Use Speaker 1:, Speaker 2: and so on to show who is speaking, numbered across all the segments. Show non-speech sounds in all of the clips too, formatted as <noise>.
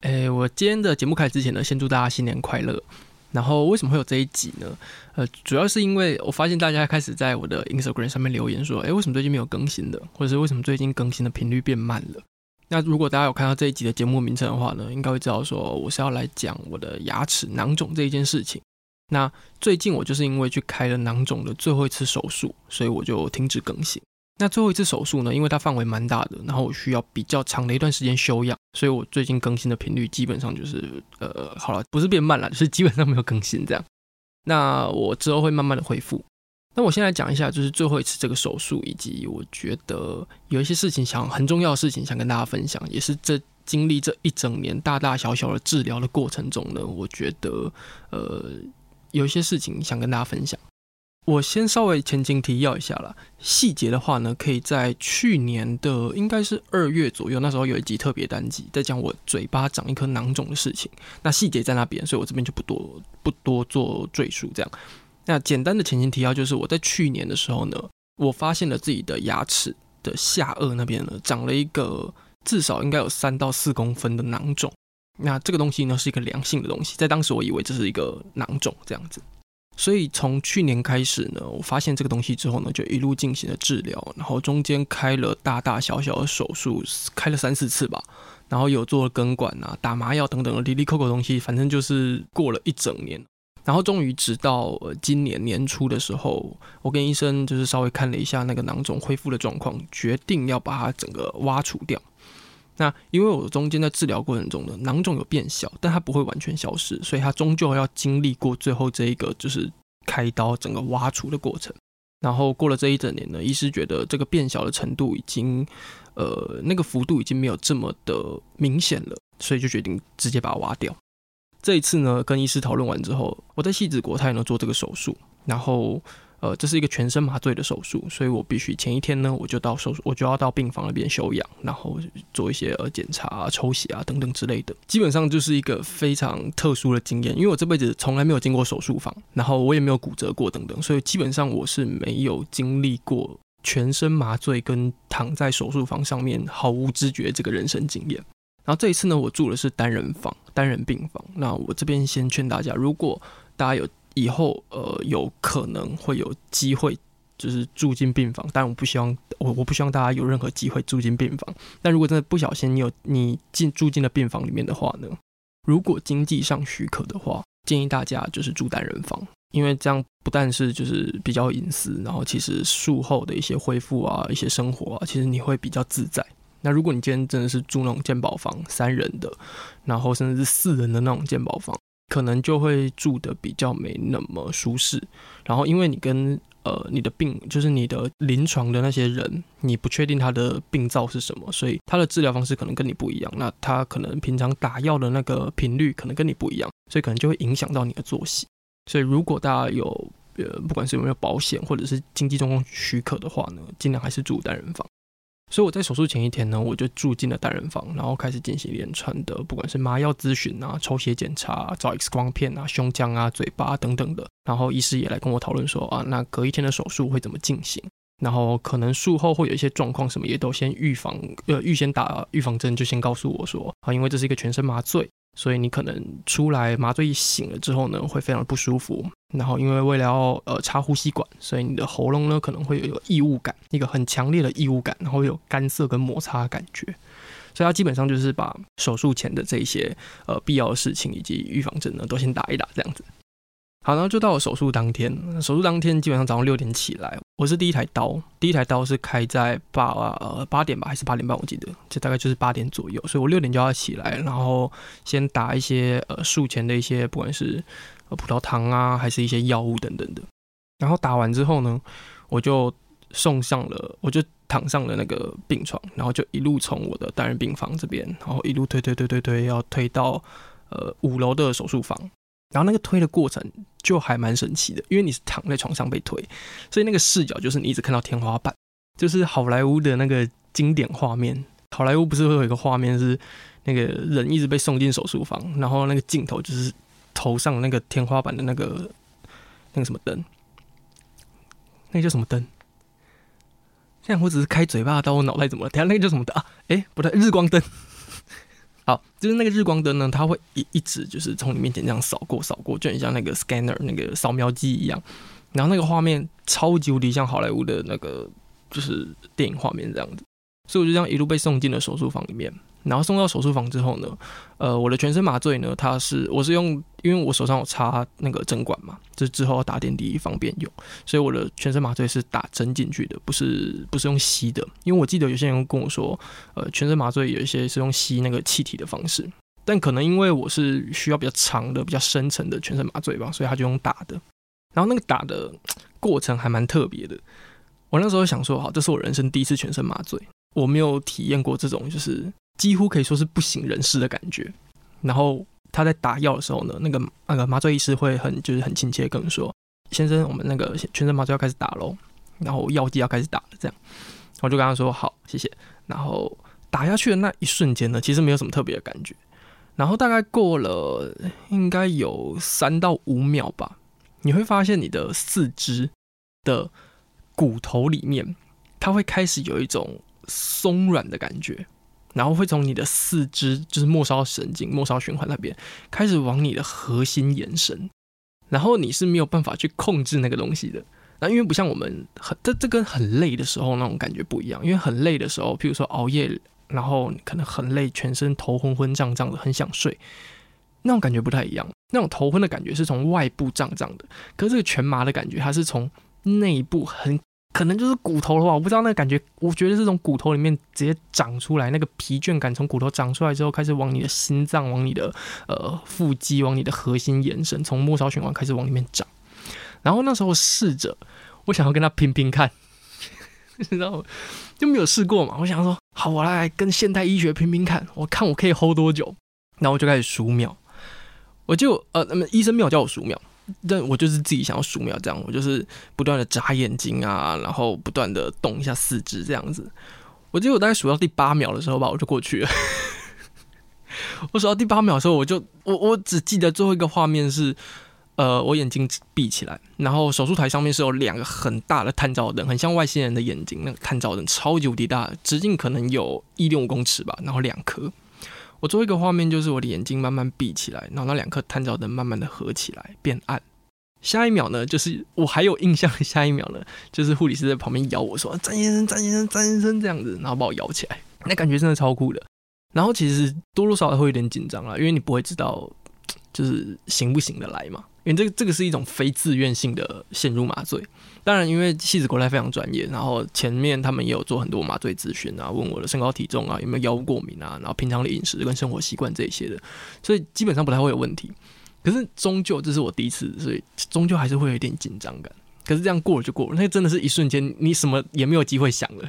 Speaker 1: 誒，我今天的節目開始之前呢，先祝大家新年快樂。然後為什麼會有這一集呢？呃，主要是因為我發現大家開始在我的 Instagram 上面留言說，誒，為什麼最近沒有更新的，或者是為什麼最近更新的頻率變慢了？那如果大家有看到這一集的節目的名稱的話呢，應該會知道說我是要來講我的牙齒囊腫這一件事情。那最近我就是因為去開了囊腫的最後一次手術，所以我就停止更新。那最後一次手術呢，因為它範圍蠻大的，然後我需要比較長的一段時間休養。所以，我最近更新的頻率基本上就是，呃，好了，不是變慢了，就是基本上沒有更新這樣。那我之後會慢慢的恢復。那我先來講一下，就是最後一次這個手術，以及我覺得有一些事情想很重要的事情想跟大家分享，也是這經歷這一整年大大小小的治療的過程中呢，我覺得呃，有一些事情想跟大家分享。我先稍微前情提要一下啦，細節的話呢，可以在去年的應該是二月左右，那時候有一集特別單集在講我嘴巴長一顆囊腫的事情，那細節在那邊，所以我這邊就不多不多做贅述。這樣，那簡單的前情提要就是我在去年的時候呢，我發現了自己的牙齒的下顎那邊呢長了一個至少應該有三到四公分的囊腫，那這個東西呢是一個良性的東西，在當時我以為這是一個囊腫這樣子。所以從去年開始呢，我發現這個東西之後呢，就一路進行了治療，然後中間開了大大小小的手術，開了三四次吧，然後有做了根管啊、打麻藥等等的哩哩扣扣東西，反正就是過了一整年，然後終於直到、呃、今年年初的時候，我跟醫生就是稍微看了一下那個囊腫恢復的狀況，決定要把它整個挖除掉。那因為我中間在治療過程中呢，囊腫有變小，但它不會完全消失，所以它終究要經歷過最後這一個就是。開刀整個挖除的過程，然後過了這一整年呢，醫師覺得這個變小的程度已經，呃，那個幅度已經沒有這麼的明顯了，所以就決定直接把它挖掉。這一次呢，跟醫師討論完之後，我在汐止國泰呢做這個手術，然後。呃，這是一個全身麻醉的手術，所以我必須前一天呢，我就到手術，我就要到病房那邊休養，然後做一些呃檢查啊、抽血啊等等之類的。基本上就是一個非常特殊的經驗，因為我這輩子從來沒有進過手術房，然後我也沒有骨折過等等，所以基本上我是沒有經歷過全身麻醉跟躺在手術房上面毫無知覺這個人生經驗。然後這一次呢，我住的是單人房、單人病房。那我這邊先勸大家，如果大家有。以後呃有可能會有機會，就是住進病房，但我不希望我我不希望大家有任何機會住進病房。但如果真的不小心你有你進住進了病房裡面的話呢，如果經濟上許可的話，建議大家就是住單人房，因為這樣不但是就是比較隱私，然後其實術後的一些恢復啊，一些生活啊，其實你會比較自在。那如果你今天真的是住那種健保房，三人的，然後甚至是四人的那種健保房。可能就會住得比較沒那麼舒適，然後因為你跟呃你的病就是你的臨床的那些人，你不確定他的病灶是什麼，所以他的治療方式可能跟你不一樣，那他可能平常打藥的那個頻率可能跟你不一樣，所以可能就會影響到你的作息。所以如果大家有呃不管是有沒有保險或者是經濟狀況許可的話呢，盡量還是住單人房。所以我在手術前一天呢，我就住進了單人房，然後開始進行連串的，不管是麻藥諮詢啊、抽血檢查、啊、照 X 光片啊、胸腔啊、嘴巴、啊、等等的。然後醫師也來跟我討論說啊，那隔一天的手術會怎麼進行，然後可能術後會有一些狀況，什麼也都先預防，呃，預先打預防針，就先告訴我說啊，因為這是一個全身麻醉，所以你可能出來麻醉一醒了之後呢，會非常的不舒服。然後，因為為了要呃插呼吸管，所以你的喉嚨呢，可能會有一個異物感，一個很強烈的異物感，然後有乾澀跟摩擦感覺。所以它基本上就是把手術前的這些呃必要的事情以及預防針呢都先打一打這樣子。好，然後就到手術當天。手術當天基本上早上六點起來，我是第一台刀，第一台刀是開在八呃八點吧，還是八點半？我記得這大概就是八點左右，所以我六點就要起來，然後先打一些呃術前的一些不管是。葡萄糖啊，還是一些藥物等等的。然後打完之後呢，我就送上了，我就躺上了那個病床，然後就一路從我的單人病房這邊，然後一路推推推推推，要推到呃五樓的手術房。然後那個推的過程就還蠻神奇的，因為你是躺在床上被推，所以那個視角就是你一直看到天花板，就是好萊塢的那個經典畫面。好萊塢不是會有一個畫面是那個人一直被送進手術房，然後那個鏡頭就是。頭上那個天花板的那個那個什麼燈，那個、叫什麼燈？現在我只是開嘴巴到我腦袋怎麼了？等下，那個叫什麼燈啊？誒，不對，日光燈。 <laughs> 好，就是那個日光燈呢，它會一一直就是從你面前這樣掃過，掃過，就很像那個 scanner 那個掃描機一樣。然後那個畫面超級無敵像好萊塢的那個就是電影畫面這樣子，所以我就這樣一路被送進了手術房裡面。然後送到手術房之後呢，呃，我的全身麻醉呢，它是我是用，因為我手上有插那個針管嘛，就之後要打點滴方便用，所以我的全身麻醉是打針進去的，不是不是用吸的。因為我記得有些人跟我說，呃，全身麻醉有一些是用吸那個氣體的方式，但可能因為我是需要比較長的、比較深層的全身麻醉吧，所以他就用打的。然後那個打的過程還蠻特別的。我那時候想說，好，這是我人生第一次全身麻醉，我沒有體驗過這種，就是。幾乎可以說是不省人事的感覺。然後他在打藥的時候呢，那個那個、啊、麻醉醫師會很就是很親切跟我說：“先生，我們那個全身麻醉要開始打咯，然後藥劑要開始打了。”這樣，我就跟他說：“好，謝謝。”然後打下去的那一瞬間呢，其實沒有什麼特別的感覺。然後大概過了應該有三到五秒吧，你會發現你的四肢的骨頭裡面，它會開始有一種鬆軟的感覺。然後會從你的四肢，就是末梢神經、末梢循環那邊開始往你的核心延伸，然後你是沒有辦法去控制那個東西的。那因為不像我們很這這跟很累的時候那種感覺不一樣，因為很累的時候，比如說熬夜，然後可能很累，全身頭昏昏脹脹的，很想睡，那種感覺不太一樣。那種頭昏的感覺是從外部脹脹的，可是這個全麻的感覺，它是從內部很。可能就是骨頭的話，我不知道那個感覺。我覺得是從骨頭裡面直接長出來，那個疲倦感從骨頭長出來之後，開始往你的心臟、往你的呃腹肌、往你的核心延伸，從末梢循環開始往裡面長。然後那時候試着，我想要跟他拼拼看，你知道嗎？就沒有試過嘛。我想說，好，我來，來跟現代醫學拼拼看，我看我可以 hold 多久。然後我就開始數秒，我就呃，那麼醫生沒有叫我數秒。但我就是自己想要數秒，這樣我就是不斷的眨眼睛啊，然後不斷的動一下四肢這樣子。我記得我大概數到第八秒的時候吧，我就過去了。 <laughs> 我數到第八秒的時候我，我就我我只記得最後一個畫面是，呃，我眼睛閉起來，然後手術台上面是有兩個很大的探照燈，很像外星人的眼睛，那個探照燈超級無敵大的，直徑可能有一點五公尺吧，然後兩顆。我做一個畫面，就是我的眼睛慢慢閉起來，然後那兩顆探照燈慢慢的合起來變暗。下一秒呢，就是我還有印象，下一秒呢，就是護理師在旁邊搖我說：“張先生，張先生，張先生，這樣子”，然後把我搖起來，那感覺真的超酷的。然後其實多多少少會有點緊張啦，因為你不會知道就是行不行得來嘛，因為這個這個是一種非自願性的陷入麻醉。當然，因為新竹國泰非常專業，然後前面他們也有做很多麻醉諮詢啊，問我的身高體重啊，有沒有藥物過敏啊，然後平常的飲食跟生活習慣這些的，所以基本上不太會有問題。可是終究這是我第一次，所以終究還是會有一點緊張感。可是這樣過了就過了，那真的是一瞬間，你什麼也沒有機會想了，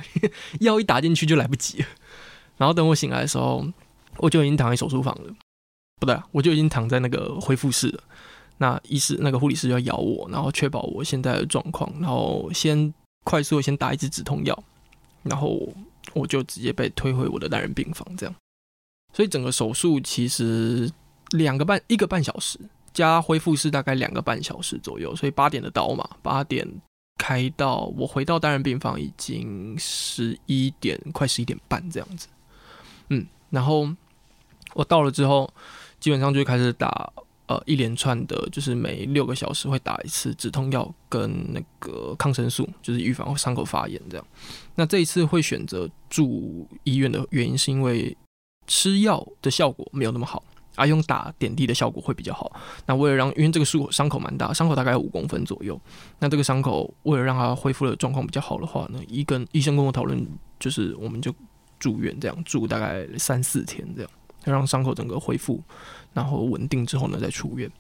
Speaker 1: 藥 <laughs> 一打進去就來不及了。然後等我醒來的時候，我就已經躺在手術房了，不對，我就已經躺在那個恢復室了。那醫師、那個護理師要咬我，然後確保我現在的狀況，然後先快速先打一支止痛藥，然後我就直接被推回我的單人病房，這樣。所以整個手術其實兩個半，一個半小時加恢復室大概兩個半小時左右，所以八點的刀嘛，八點開到我回到單人病房已經十一點，快十一點半這樣子。嗯，然後我到了之後，基本上就開始打。呃，一連串的，就是每六個小時會打一次止痛藥跟那個抗生素，就是預防傷口發炎這樣。那這一次會選擇住醫院的原因，是因為吃藥的效果沒有那麼好，而、啊、用打點滴的效果會比較好。那為了讓，因為這個傷口傷口蠻大，傷口大概五公分左右。那這個傷口為了讓它恢復的狀況比較好的話呢，醫跟醫生跟我討論，就是我們就住院這樣，住大概三四天這樣。讓傷口整個恢復，然後穩定之後呢，再出院。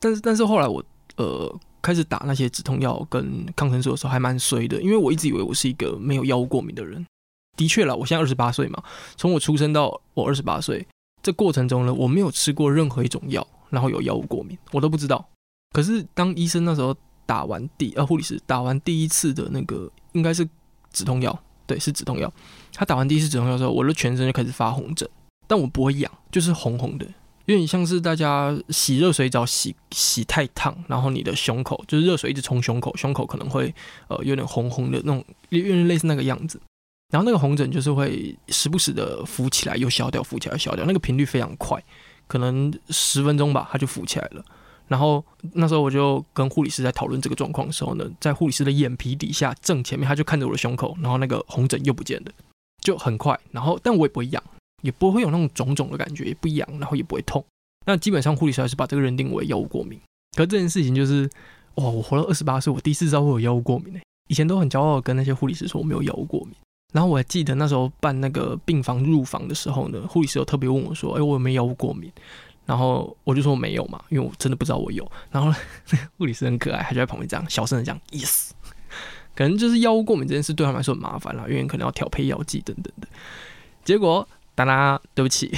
Speaker 1: 但是，但是後來我呃開始打那些止痛藥跟抗生素的時候，還蠻衰的，因為我一直以為我是一個沒有藥物過敏的人。的確啦，我現在二十八歲嘛，從我出生到我二十八歲，這過程中呢，我沒有吃過任何一種藥，然後有藥物過敏，我都不知道。可是當醫生那時候打完第，呃，護理師，打完第一次的那個應該是止痛藥，對，是止痛藥。他打完第一次止痛藥之後，我的全身就開始發紅疹。但我不會癢，就是紅紅的，有點像是大家洗熱水澡洗洗太燙，然後你的胸口就是熱水一直沖胸口，胸口可能會呃有點紅紅的那種，有點類似那個樣子。然後那個紅疹就是會時不時的浮起來又消掉，浮起來消掉，那個頻率非常快，可能十分鐘吧，它就浮起來了。然後那時候我就跟護理師在討論這個狀況的時候呢，在護理師的眼皮底下正前面，他就看着我的胸口，然後那個紅疹又不見了，就很快。然後但我也不會癢。也不會有那種腫腫的感覺，也不癢，然後也不會痛。那基本上護理師還是把這個認定為藥物過敏。可是這件事情就是，哇！我活到二十八歲，我第一次知道我有藥物過敏誒、欸。以前都很驕傲跟那些護理師說我沒有藥物過敏。然後我還記得那時候辦那個病房入房的時候呢，護理師有特別問我說：“哎，我有沒有藥物過敏？”然後我就說我沒有嘛，因為我真的不知道我有。然後護理師很可愛，還就在旁邊這樣小聲的講：“Yes。”可能就是藥物過敏這件事對他們來說很麻煩啦、啊，因為可能要調配藥劑等等的。結果。大家對不起，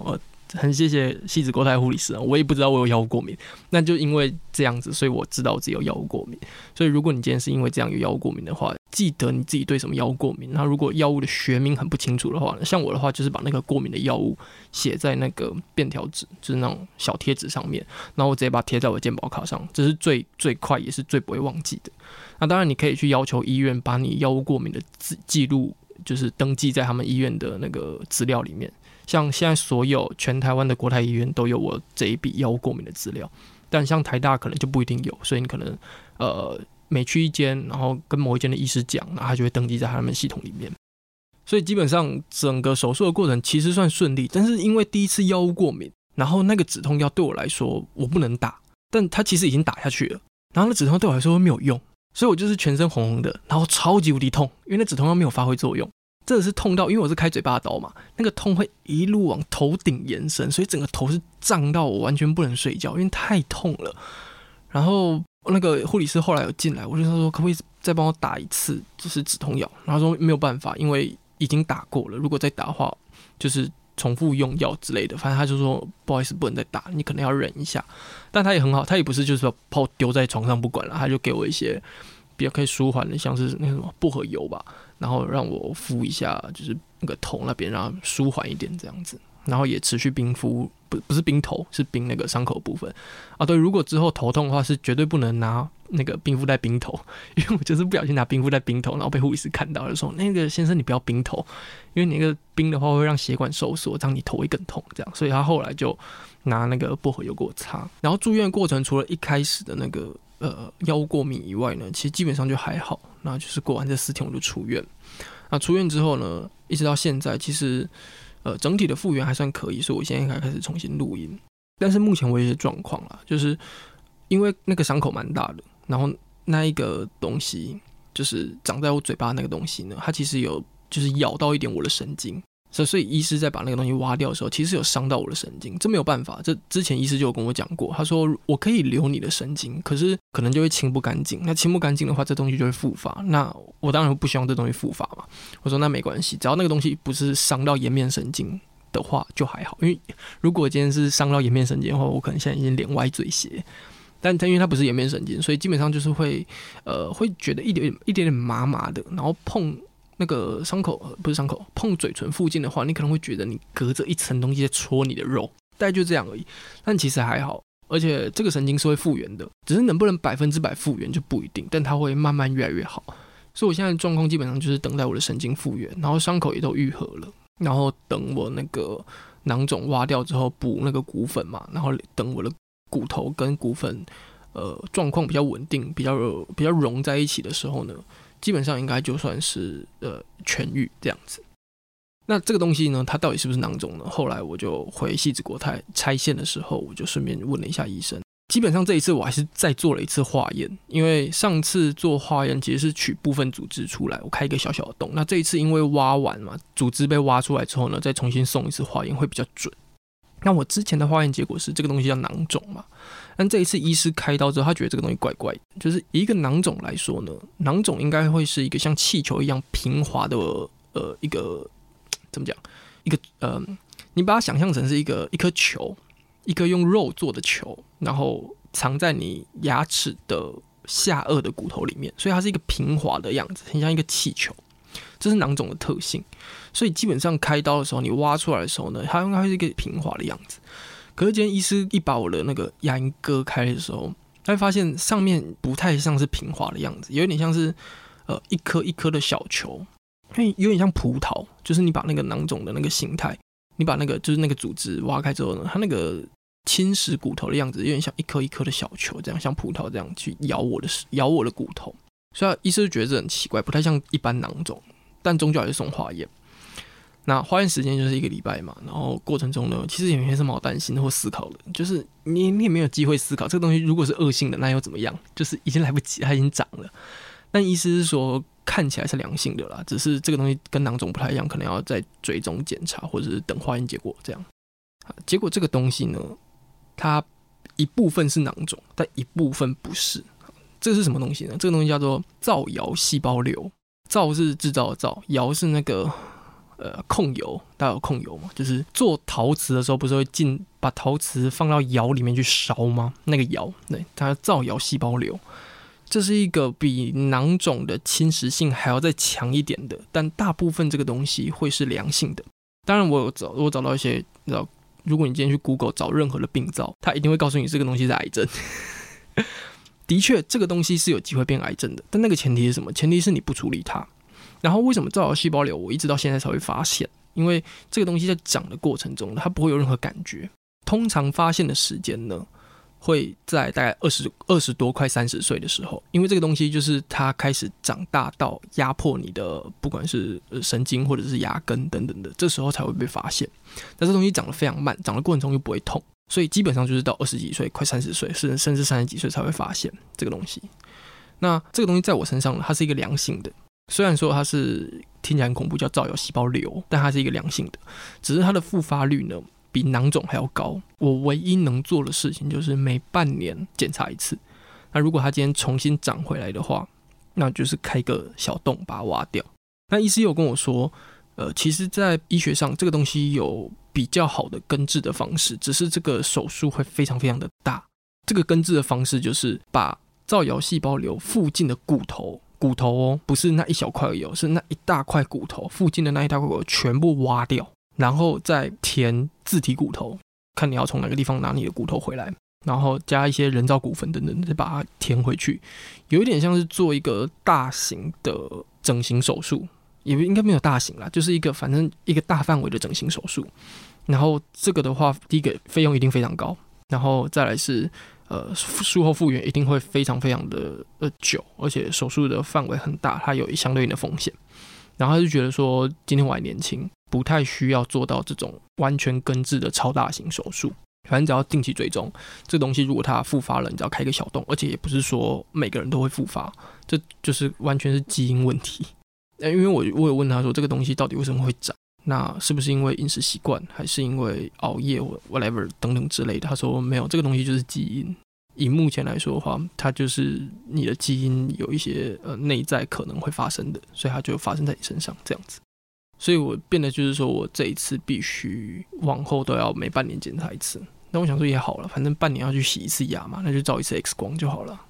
Speaker 1: 我很謝謝西子國泰護理師、啊。我也不知道我有藥物過敏，那就因為這樣子，所以我知道我自己有藥物過敏。所以如果你今天是因為這樣有藥物過敏的話，記得你自己對什麼藥物過敏。那如果藥物的學名很不清楚的話，像我的話就是把那個過敏的藥物寫在那個便條紙，就是那種小貼紙上面，然後我直接把它貼在我的健保卡上，這是最最快也是最不會忘記的。那當然你可以去要求醫院把你藥物過敏的記記錄就是登記在他們醫院的那個資料裡面，像現在所有全台灣的國泰醫院都有我這一筆藥物過敏的資料，但像台大可能就不一定有，所以你可能呃每去一間，然後跟某一間的醫師講，那他就會登記在他們系統裡面。所以基本上整個手術的過程其實算順利，但是因為第一次藥物過敏，然後那個止痛藥對我來說我不能打，但他其實已經打下去了，然後那個止痛對我來說沒有用。所以我就是全身紅紅的，然後超級無敵痛，因為那止痛藥沒有發揮作用。真的是痛到，因為我是開嘴巴的刀嘛，那個痛會一路往頭頂延伸，所以整個頭是脹到我完全不能睡覺，因為太痛了。然後那個護理師後來有進來，我就說可不可以再幫我打一次就是止痛藥，然後說沒有辦法，因為已經打過了，如果再打的話就是。重複用藥之類的，反正他就說不好意思，不能再打，你可能要忍一下。但他也很好，他也不是就是說拋丟在床上不管了，他就給我一些比較可以舒緩的，像是那什麼薄荷油吧，然後讓我敷一下，就是那個頭那邊，然後舒緩一點這樣子。然後也持續冰敷，不，不是冰頭，是冰那個傷口部分啊。對，如果之後頭痛的話，是絕對不能拿。那個冰敷在冰頭，因為我就是不小心拿冰敷在冰頭，然後被護士看到的時候，那個先生你不要冰頭，因為你那個冰的話會讓血管收縮，這樣你頭會更痛這樣。所以他後來就拿那個薄荷油給我擦。然後住院的過程除了一開始的那個呃藥物過敏以外呢，其實基本上就還好。那就是過完這四天我就出院。那出院之後呢，一直到現在其實呃整體的復原還算可以，所以我現在應該開始重新錄音。但是目前為止狀況啊，就是因為那個傷口蠻大的。然後那一個東西就是長在我嘴巴那個東西呢，它其實有就是咬到一點我的神經，所所以醫師在把那個東西挖掉的時候，其實有傷到我的神經。這沒有辦法，這之前醫師就有跟我講過，他說我可以留你的神經，可是可能就會清不乾淨。那清不乾淨的話，這東西就會復發。那我當然不希望這東西復發嘛。我說那沒關係，只要那個東西不是傷到顏面神經的話就還好，因為如果今天是傷到顏面神經的話，我可能現在已經臉歪嘴斜。但它因為它不是顏面神經，所以基本上就是會，呃，會覺得一點一點點麻麻的。然後碰那個傷口不是傷口，碰嘴唇附近的話，你可能會覺得你隔着一層東西在戳你的肉。大概就這樣而已。但其實還好，而且這個神經是會復原的，只是能不能百分之百復原就不一定。但它會慢慢越來越好。所以我現在的狀況基本上就是等待我的神經復原，然後傷口也都愈合了，然後等我那個囊腫挖掉之後補那個骨粉嘛，然後等我的。骨頭跟骨粉，呃，狀況比較穩定，比較、呃、比較融在一起的時候呢，基本上應該就算是呃痊癒這樣子。那這個東西呢，它到底是不是囊腫呢？後來我就回汐止國泰拆線的時候，我就順便問了一下醫生。基本上這一次我還是再做了一次化驗，因為上次做化驗其實是取部分組織出來，我開一個小小的洞。那這一次因為挖完嘛，組織被挖出來之後呢，再重新送一次化驗會比較準。那我之前的化驗結果是這個東西叫囊腫嘛，但這一次醫師開刀之後，他覺得這個東西怪怪的，就是以一個囊腫來說呢，囊腫應該會是一個像氣球一樣平滑的，呃，一個怎麼講？一個呃，你把它想象成是一個一顆球，一顆用肉做的球，然後藏在你牙齒的下顎的骨頭裡面，所以它是一個平滑的樣子，很像一個氣球。這是囊腫的特性，所以基本上開刀的時候，你挖出來的時候呢，它應該是一個平滑的樣子。可是今天醫師一把我的那個牙齦割開的時候，他會發現上面不太像是平滑的樣子，有點像是呃一顆一顆的小球，有點像葡萄。就是你把那個囊腫的那個形態，你把那個就是那個組織挖開之後呢，它那個侵蝕骨頭的樣子有點像一顆一顆的小球這樣，像葡萄這樣去咬我的咬我的骨頭。所以醫生就覺得這很奇怪，不太像一般囊腫。但終究還是送化驗，那化驗時間就是一個禮拜嘛。然後過程中呢，其實有些是蠻擔心的或思考的，就是你你也沒有機會思考這個東西，如果是惡性的那又怎麼樣？就是已經來不及，它已經長了。但醫師是說看起來是良性的啦，只是這個東西跟囊腫不太一樣，可能要再追蹤檢查或者是等化驗結果這樣。結果這個東西呢，它一部分是囊腫，但一部分不是。這是什麼東西呢？這個東西叫做造謠細胞瘤。造是製造的造，窯是那個呃控油，大家有控油嗎？就是做陶瓷的時候不是會進把陶瓷放到窯裡面去燒嗎？那個窯，對，它叫造窯細胞瘤，這是一個比囊腫的侵蝕性還要再強一點的，但大部分這個東西會是良性的。當然我有找，我找我找到一些，你知道，如果你今天去 Google 找任何的病灶，它一定會告訴你這個東西是癌症。 <laughs> 的確，這個東西是有機會變癌症的，但那個前提是什麼？前提是你不處理它。然後為什麼造釉細胞瘤？我一直到現在才會發現，因為這個東西在長的過程中，它不會有任何感覺。通常發現的時間呢，會在大概二十二十多快三十歲的時候，因為這個東西就是它開始長大到壓迫你的，不管是神經或者是牙根等等的，這時候才會被發現。但是東西長得非常慢，長的過程中又不會痛。所以基本上就是到二十幾歲、快三十歲，甚至甚至三十幾歲才會發現這個東西。那這個東西在我身上呢，它是一個良性的。雖然說它是聽起來很恐怖，叫造釉細胞瘤，但它是一個良性的。只是它的復發率呢，比囊腫還要高。我唯一能做的事情就是每半年檢查一次。那如果它今天重新長回來的話，那就是開個小洞把它挖掉。那醫師又跟我說。呃，其實，在醫學上，這個東西有比較好的根治的方式，只是這個手術會非常非常的大。這個根治的方式就是把造釉細胞瘤附近的骨頭，骨頭哦，不是那一小塊而已，是那一大塊骨頭附近的那一大塊骨頭全部挖掉，然後再填自體骨頭，看你要從哪個地方拿你的骨頭回來，然後加一些人造骨粉等等，再把它填回去，有一點像是做一個大型的整形手術。也應該沒有大型啦，就是一個反正一個大範圍的整形手術。然後這個的話，第一個費用一定非常高，然後再來是呃術後復原一定會非常非常的呃久，而且手術的範圍很大，它有相對應的風險。然後他就覺得說，今天我還年輕，不太需要做到這種完全根治的超大型手術。反正只要定期追蹤，這東西如果它復發了，你只要開一個小洞，而且也不是說每個人都會復發，這就是完全是基因問題。呃，因為我我有問他說這個東西到底為什麼會長，那是不是因為飲食習慣，還是因為熬夜或 whatever 等等之類的？他說沒有，這個東西就是基因。以目前來說的話，它就是你的基因有一些呃內在可能會發生的，所以它就發生在你身上這樣子。所以我變得，就是說我這一次必須往後都要每半年檢查一次。那我想說也好了，反正半年要去洗一次牙嘛，那就照一次 X 光就好了。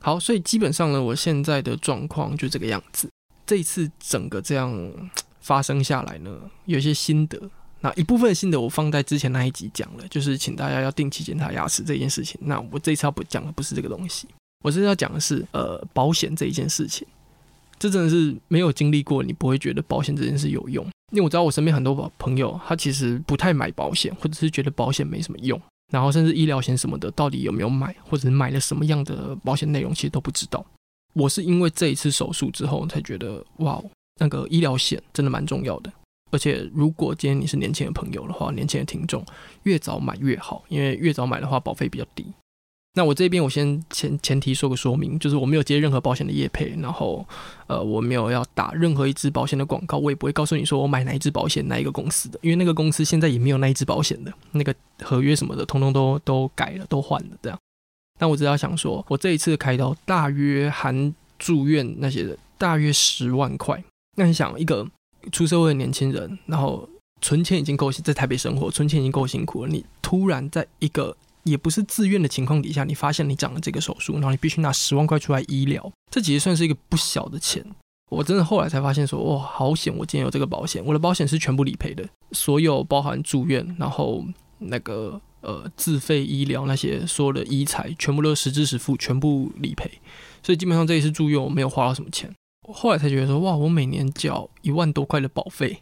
Speaker 1: 好，所以基本上呢，我現在的狀況就這個樣子。這一次整個這樣發生下來呢，有些心得。那一部分心得我放在之前那一集講了，就是請大家要定期檢查牙齒這件事情。那我這次要不講的不是這個東西，我這次要講的是呃保險這一件事情。這真的是沒有經歷過，你不會覺得保險這件事有用。因為我知道我身邊很多朋友，他其實不太買保險，或者是覺得保險沒什麼用。然後甚至醫療險什麼的，到底有沒有買，或者是買了什麼樣的保險內容，其實都不知道。我是因為這一次手術之後才覺得，哇，那個醫療險真的蠻重要的。而且，如果今天你是年輕的朋友的話，年輕的聽眾，越早買越好，因為越早買的話保費比較低。那我這邊我先前前提說個說明，就是我沒有接任何保險的業配，然後，呃，我沒有要打任何一支保險的廣告，我也不會告訴你說我買哪一支保險、哪一個公司的，因為那個公司現在也沒有那一支保險的那個合約什麼的，通通都都改了，都換了這樣。那我只要想說，我這一次的開刀大約含住院那些的，大約十萬塊。那你想，一個出社會的年輕人，然後存錢已經夠在台北生活，存錢已經夠辛苦了。你突然在一個也不是自願的情況底下，你發現你長了這個手術，然後你必須拿十萬塊出來醫療，這其實算是一個不小的錢。我真的後來才發現說，哇、哦，好險！我今天有這個保險，我的保險是全部理賠的，所有包含住院，然後那個。呃，自費醫療那些所有的醫材，全部都是實支實付，全部理賠，所以基本上這一次住院我沒有花到什麼錢。我後來才覺得說，哇，我每年繳一萬多塊的保費，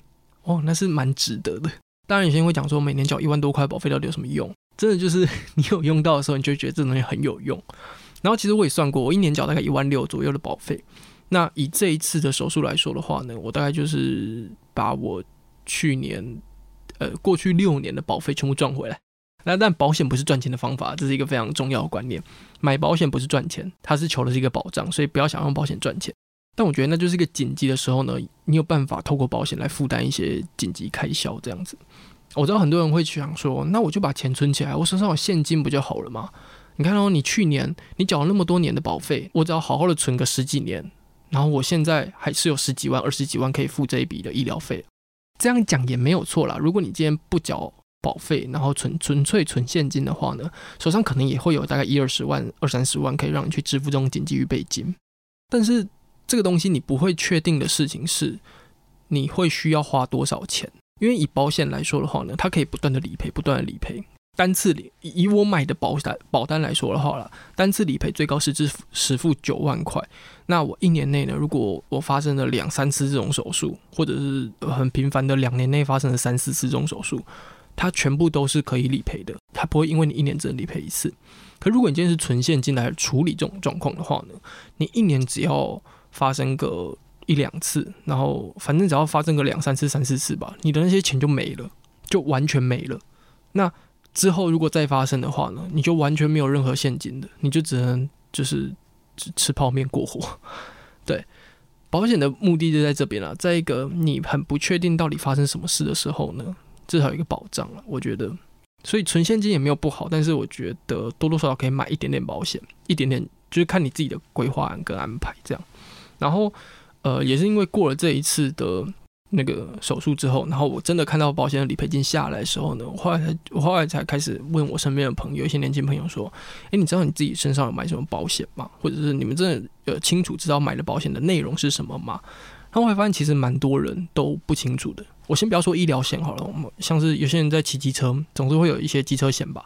Speaker 1: 哇，那是蠻值得的。當然，有些人會講說，每年繳一萬多塊保費到底有什麼用？真的就是你有用到的時候，你就會覺得這東西很有用。然後，其實我也算過，我一年繳大概一萬六左右的保費。那以這一次的手術來說的話呢，我大概就是把我去年呃過去六年的保費全部賺回來。那但保險不是賺錢的方法，這是一個非常重要的觀念。買保險不是賺錢，它是求的是一個保障，所以不要想要用保險賺錢。但我覺得那就是一個緊急的時候呢，你有辦法透過保險來負擔一些緊急開銷，這樣子。我知道很多人會去想說，那我就把錢存起來，我手上有現金不就好了嗎？你看、哦、你去年你繳了那麼多年的保費，我只要好好的存個十幾年，然後我現在還是有十幾萬、二十幾萬可以付這一筆的醫療費，這樣講也沒有錯啦。如果你今天不繳，保費，然後存純粹存現金的話呢，手上可能也會有大概一二十萬、二三十萬，可以讓你去支付這種緊急預備金。但是這個東西你不會確定的事情是，你會需要花多少錢？因為以保險來說的話呢，它可以不斷的理賠，不斷的理賠。單次理以我買的保單保單來說的話啦，單次理賠最高是支付實付九萬塊。那我一年內呢，如果我發生了兩三次這種手術，或者是很頻繁的兩年內發生了三四次這種手術。它全部都是可以理賠的，它不會因為你一年只能理賠一次。可如果你今天是存現金來處理這種狀況的話呢，你一年只要發生個一兩次，然後反正只要發生個兩三次，三四次吧，你的那些錢就沒了，就完全沒了。那之後如果再發生的話呢，你就完全沒有任何現金的，你就只能就是吃泡麵過活。對，保險的目的就在這邊了啊。再一個，你很不確定到底發生什麼事的時候呢，至少有一個保障了，我覺得，所以存現金也沒有不好，但是我覺得多多少少可以買一點點保險，一點點就是看你自己的規劃跟安排這樣。然後，呃，也是因為過了這一次的那個手術之後，然後我真的看到保險的理賠金下來的時候呢，我後來才我後來才開始問我身邊的朋友，一些年輕朋友說，欸，你知道你自己身上有買什麼保險嗎？或者是你們真的呃清楚知道買的保險的內容是什麼嗎？那我會發現其實蠻多人都不清楚的。我先不要說醫療險好了，我們像是有些人在騎機車，總是會有一些機車險吧。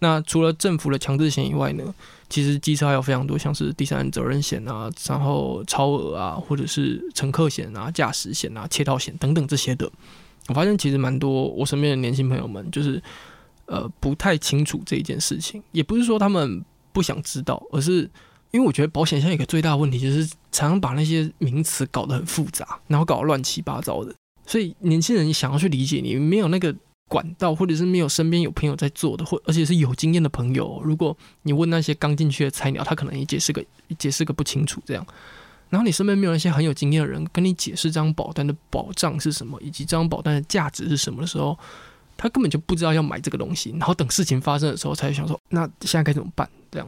Speaker 1: 那除了政府的強制險以外呢，其實機車還有非常多，像是第三人責任險啊，然後超額啊，或者是乘客險啊、駕駛險啊、竊盜險等等這些的。我發現其實蠻多我身邊的年輕朋友們就是呃不太清楚這一件事情，也不是說他們不想知道，而是因為我覺得保險現在一個最大的問題就是常常把那些名詞搞得很複雜，然後搞得亂七八糟的。所以年輕人想要去理解，你沒有那個管道，或者是沒有身邊有朋友在做的，或而且是有經驗的朋友。如果你問那些剛進去的菜鳥，他可能也解釋個解釋個不清楚這樣。然後你身邊沒有那些很有經驗的人跟你解釋這張保單的保障是什麼，以及這張保單的價值是什麼的時候，他根本就不知道要買這個東西。然後等事情發生的時候，才會想說那現在該怎麼辦？這樣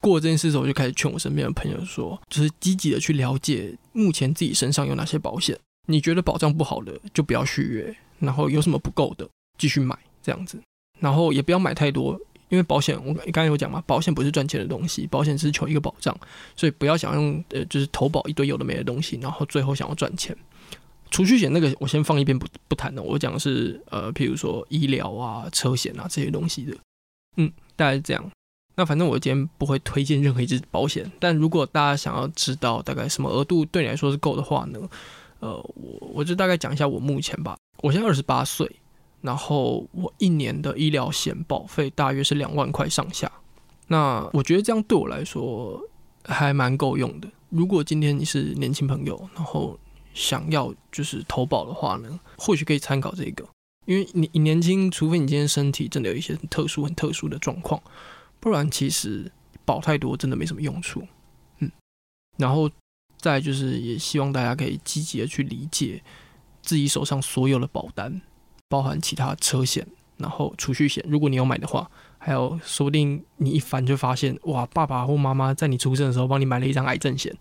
Speaker 1: 過了這件事之後，就開始勸我身邊的朋友說，就是積極的去了解目前自己身上有哪些保險。你覺得保障不好的就不要續約，然後有什麼不夠的繼續買這樣子，然後也不要買太多，因為保險我剛才有講嘛，保險不是賺錢的東西，保險只是求一個保障，所以不要想要用呃就是投保一堆有的沒的東西，然後最後想要賺錢。儲蓄險那個我先放一邊不不談的，我講的是呃譬如說醫療啊、車險啊這些東西的，嗯，大概是這樣。那反正我今天不會推薦任何一支保險，但如果大家想要知道大概什麼額度對你來說是夠的話呢？呃，我我就大概講一下我目前吧。我現在二十八歲，然後我一年的醫療險保費大約是兩萬塊上下。那我覺得這樣對我來說還蠻夠用的。如果今天你是年輕朋友，然後想要就是投保的話呢，或許可以參考這個，因為你你年輕，除非你今天身體真的有一些很特殊、很特殊的狀況，不然其實保太多真的沒什麼用處。嗯，然後。再就是，也希望大家可以積極的去理解自己手上所有的保單，包含其他車險，然後儲蓄險。如果你要買的話，還有說不定你一翻就發現，哇，爸爸或媽媽在你出生的時候幫你買了一張癌症險，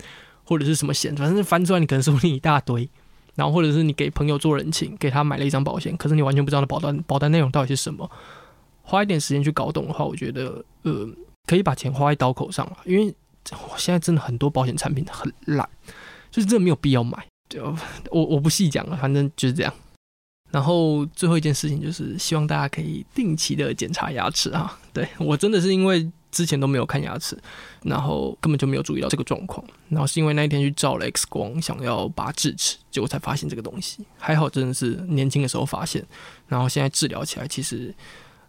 Speaker 1: 或者是什麼險，反正翻出來你可能手你一大堆。然後或者是你給朋友做人情，給他買了一張保險，可是你完全不知道的保單，保單內容到底是什麼。花一點時間去搞懂的話，我覺得呃，可以把錢花在刀口上了，因為。我現在真的很多保險產品很爛，就是真的沒有必要買。就我我不細講了，反正就是這樣。然後最後一件事情就是希望大家可以定期的檢查牙齒啊。對我真的是因為之前都沒有看牙齒，然後根本就沒有注意到這個狀況。然後是因為那一天去照了 X 光，想要拔智齒，結果才發現這個東西。還好真的是年輕的時候發現，然後現在治療起來其實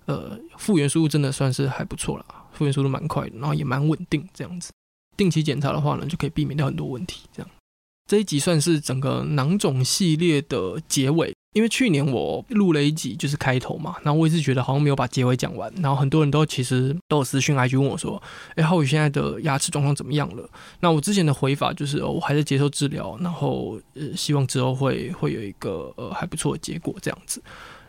Speaker 1: 呃復原速度真的算是還不錯了，復原速度蠻快的，然後也蠻穩定這樣子。定期檢查的話呢，就可以避免掉很多問題。這樣，這一集算是整個囊腫系列的結尾，因為去年我錄了一集，就是開頭嘛。那我也是覺得好像沒有把結尾講完，然後很多人都其實都有私訊來去問我說：“哎、欸，浩宇現在的牙齒狀況怎麼樣了？”那我之前的回法就是，哦、我還在接受治療，然後呃，希望之後會會有一個呃還不錯的結果這樣子。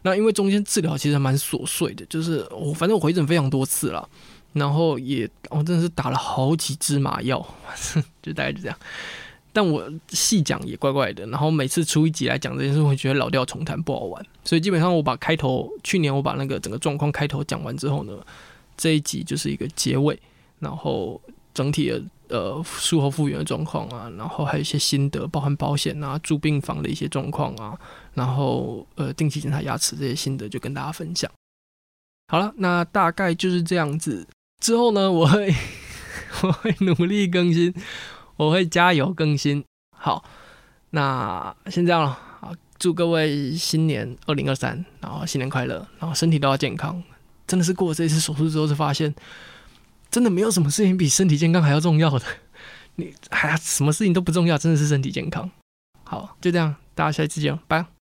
Speaker 1: 那因為中間治療其實還蠻瑣碎的，就是我、哦、反正我回診非常多次了。然後也，我真的是打了好幾支麻藥， <laughs> 就大概就這樣。但我細講也怪怪的。然後每次出一集來講這件事，我覺得老調重彈不好玩。所以基本上我把開頭，去年我把那個整個狀況開頭講完之後呢，這一集就是一個結尾。然後整體的呃術後復原的狀況啊，然後還有一些心得，包含保險啊、住病房的一些狀況啊，然後呃定期檢查牙齒這些心得就跟大家分享。好了，那大概就是這樣子。之後呢，我會我會努力更新，我會加油更新。好，那先這樣了。好，祝各位新年二零二三，然後新年快樂，然後身體都要健康。真的是過了這一次手術之後，才發現真的沒有什麼事情比身體健康還要重要的。你還、啊、什麼事情都不重要，真的是身體健康。好，就這樣，大家下次見，拜。